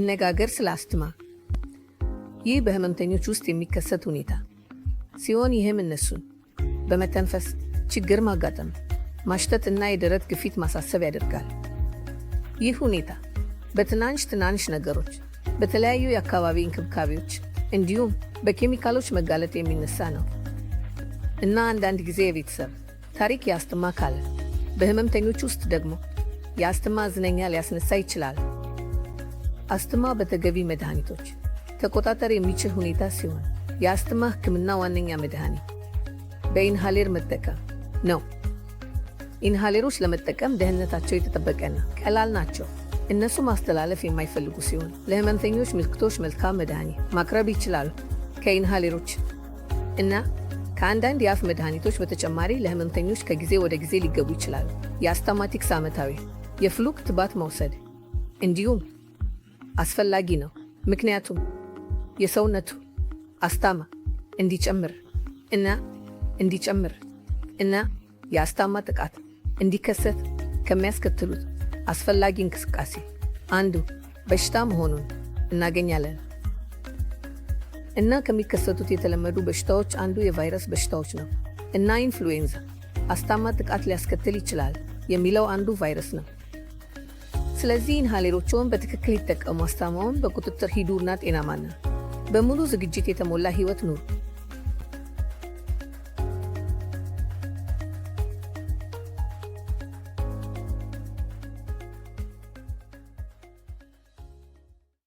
እነጋገር ስለ አስትማ። ይህ በህመምተኞች ውስጥ የሚከሰት ሁኔታ ሲሆን ይህም እነሱን በመተንፈስ ችግር ማጋጠም፣ ማሽተት እና የደረት ግፊት ማሳሰብ ያደርጋል። ይህ ሁኔታ በትናንሽ ትናንሽ ነገሮች፣ በተለያዩ የአካባቢ እንክብካቤዎች እንዲሁም በኬሚካሎች መጋለጥ የሚነሳ ነው እና አንዳንድ ጊዜ የቤተሰብ ታሪክ የአስትማ ካለ በህመምተኞች ውስጥ ደግሞ የአስትማ ዝነኛ ሊያስነሳ ይችላል። አስትማ በተገቢ መድኃኒቶች ተቆጣጠር የሚችል ሁኔታ ሲሆን የአስትማ ህክምና ዋነኛ መድኃኒት በኢንሃሌር መጠቀም ነው። ኢንሃሌሮች ለመጠቀም ደህንነታቸው የተጠበቀና ቀላል ናቸው። እነሱ ማስተላለፍ የማይፈልጉ ሲሆን ለህመምተኞች ምልክቶች መልካም መድኃኒት ማቅረብ ይችላሉ። ከኢንሃሌሮች እና ከአንዳንድ የአፍ መድኃኒቶች በተጨማሪ ለህመምተኞች ከጊዜ ወደ ጊዜ ሊገቡ ይችላሉ። የአስታማቲክስ ዓመታዊ የፍሉ ክትባት መውሰድ እንዲሁም አስፈላጊ ነው። ምክንያቱም የሰውነቱ አስታማ እንዲጨምር እና እንዲጨምር እና የአስታማ ጥቃት እንዲከሰት ከሚያስከትሉት አስፈላጊ እንቅስቃሴ አንዱ በሽታ መሆኑን እናገኛለን። እና ከሚከሰቱት የተለመዱ በሽታዎች አንዱ የቫይረስ በሽታዎች ነው እና ኢንፍሉዌንዛ አስታማ ጥቃት ሊያስከትል ይችላል የሚለው አንዱ ቫይረስ ነው። ስለዚህ ኢንሃሌሮችዎን በትክክል ይጠቀሙ። አስታማውን በቁጥጥር ሂዱና ጤናማና በሙሉ ዝግጅት የተሞላ ህይወት ኑሩ።